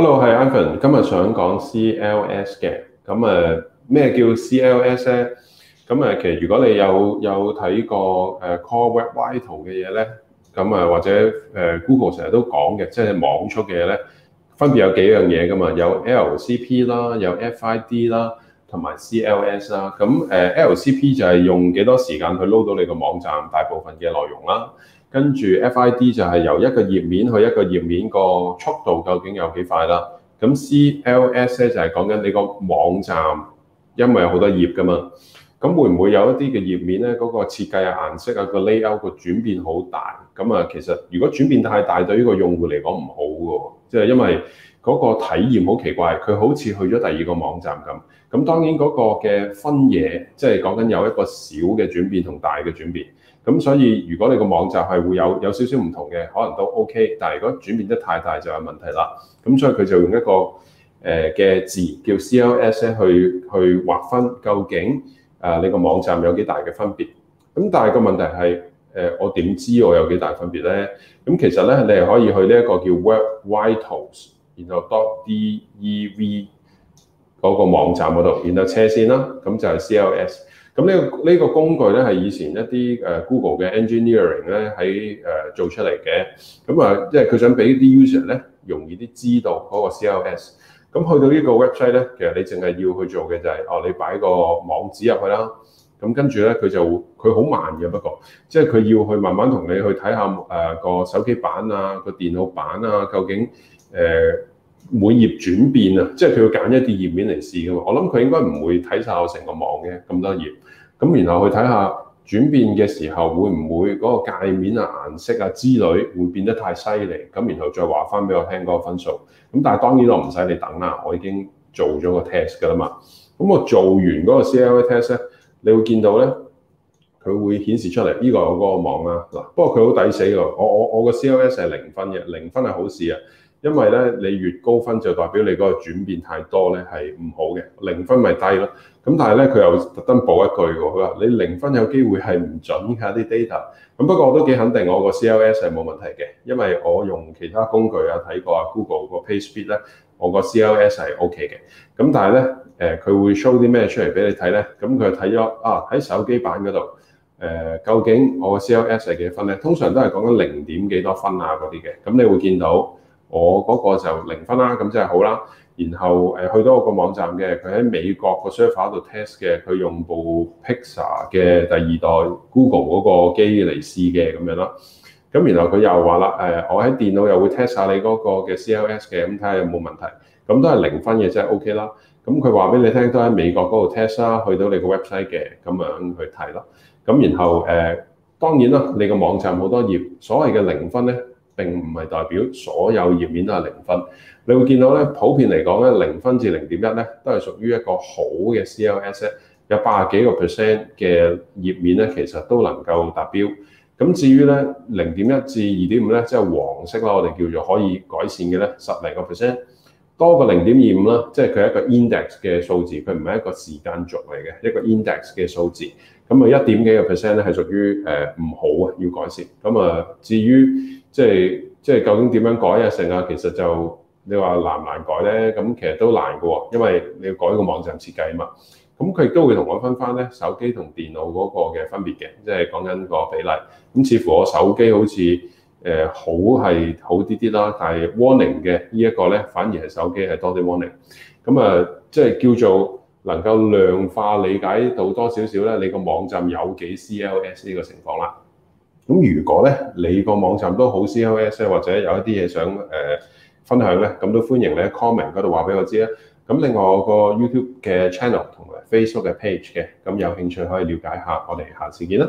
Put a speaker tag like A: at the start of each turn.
A: Hello，係 Evan，今日想講 CLS 嘅，咁誒咩叫 CLS 咧？咁誒其實如果你有有睇過誒、uh, Core Web Vitals 嘅嘢咧，咁誒或者誒、uh, Google 成日都講嘅，即係網速嘅嘢咧，分別有幾樣嘢噶嘛，有 LCP 啦，有 FID 啦，同埋 CLS 啦。咁誒、uh, LCP 就係用幾多時間去撈到你個網站大部分嘅內容啦。跟住 FID 就係由一個頁面去一個頁面個速度究竟有幾快啦？咁 CLS 咧就係講緊你個網站因為有好多頁噶嘛，咁會唔會有一啲嘅頁面咧嗰個設計啊、顏色啊、個 layout 個轉變好大？咁啊，其實如果轉變太大，對於個用戶嚟講唔好嘅，即係因為嗰個體驗好奇怪，佢好似去咗第二個網站咁。咁當然嗰個嘅分野即係講緊有一個小嘅轉變同大嘅轉變。咁所以如果你個網站係會有有少少唔同嘅，可能都 OK。但係如果轉變得太大就有問題啦。咁所以佢就用一個誒嘅、呃、字叫 CLS 咧，去去劃分究竟啊、呃、你個網站有幾大嘅分別。咁但係個問題係誒、呃、我點知我有幾大分別咧？咁其實咧你係可以去呢一個叫 Web Vitals 然後 dotdev 嗰個網站嗰度，然後車先啦，咁就係 CLS。咁呢、這個呢、這個工具咧係以前一啲誒 Google 嘅 engineering 咧喺誒、呃、做出嚟嘅，咁、嗯、啊、呃、即係佢想俾啲 user 咧容易啲知道嗰個 CLS、嗯。咁去到個呢個 website 咧，其實你淨係要去做嘅就係、是，哦你擺個網址入去啦，咁、嗯、跟住咧佢就佢好慢嘅，不過即係佢要去慢慢同你去睇下誒個、呃、手機版啊，個電腦版啊，究竟誒。呃每頁轉變啊，即係佢會揀一啲頁面嚟試㗎嘛。我諗佢應該唔會睇晒我成個網嘅咁多頁，咁然後去睇下轉變嘅時候會唔會嗰個界面啊、顏色啊之類會變得太犀利，咁然後再話翻俾我聽嗰個分數。咁但係當然都唔使你等啦，我已經做咗個 test 㗎啦嘛。咁我做完嗰個 CLS test 咧，你會見到咧，佢會顯示出嚟呢、呢個有嗰個網啊。嗱，不過佢好抵死㗎，我我我個 CLS 係零分嘅，零分係好事啊。因為咧，你越高分就代表你嗰個轉變太多咧，係唔好嘅。零分咪低咯。咁但係咧，佢又特登補一句喎，佢話你零分有機會係唔準嘅啲 data。咁不過我都幾肯定我個 C L S 係冇問題嘅，因為我用其他工具啊睇過啊 Google 個 Page Speed 咧，我個 C L S 係 O K 嘅。咁但係咧，誒佢會 show 啲咩出嚟俾你睇咧？咁佢睇咗啊喺手機版嗰度誒，究竟我個 C L S 係幾分咧？通常都係講緊零點幾多分啊嗰啲嘅。咁你會見到。我嗰個就零分啦，咁即係好啦。然後誒去到我個網站嘅，佢喺美國個 server 度 test 嘅，佢用部 Pixel 嘅第二代 Google 嗰個機嚟試嘅咁樣啦。咁然後佢又話啦，誒、呃、我喺電腦又會 test 下你嗰個嘅 CLS 嘅，咁睇下有冇問題。咁都係零分嘅，即、就、係、是、OK 啦。咁佢話俾你聽，都喺美國嗰度 test 啦，去到你個 website 嘅咁樣去睇咯。咁然後誒、呃，當然啦，你個網站好多頁，所謂嘅零分咧。並唔係代表所有頁面都係零分，你會見到咧，普遍嚟講咧，零分至零點一咧，都係屬於一個好嘅 CLS 咧，有八十幾個 percent 嘅頁面咧，其實都能夠達標。咁至於咧零點一至二點五咧，即係黃色喇，我哋叫做可以改善嘅咧，十零個 percent。多個零點二五啦，即係佢一個 index 嘅數字，佢唔係一個時間軸嚟嘅，一個 index 嘅數字。咁啊一點幾個 percent 咧係屬於誒唔好啊，要改善。咁啊至於即係即係究竟點樣改啊成啊，其實就你話難唔難改咧？咁其實都難㗎喎，因為你要改個網站設計啊嘛。咁佢亦都會同我分翻咧手機同電腦嗰個嘅分別嘅，即係講緊個比例。咁似乎我手機好似。誒好係好啲啲啦，但係 warning 嘅呢一個咧，反而係手機係多啲 warning。咁啊、呃，即係叫做能夠量化理解到多少少咧，你個網站有幾 CLS 呢個情況啦。咁如果咧你個網站都好 CLS 咧，或者有一啲嘢想誒、呃、分享咧，咁都歡迎你喺 comment 嗰度話俾我知啦。咁另外我個 YouTube 嘅 channel 同埋 Facebook 嘅 page 嘅，咁有興趣可以了解下，我哋下次見啦。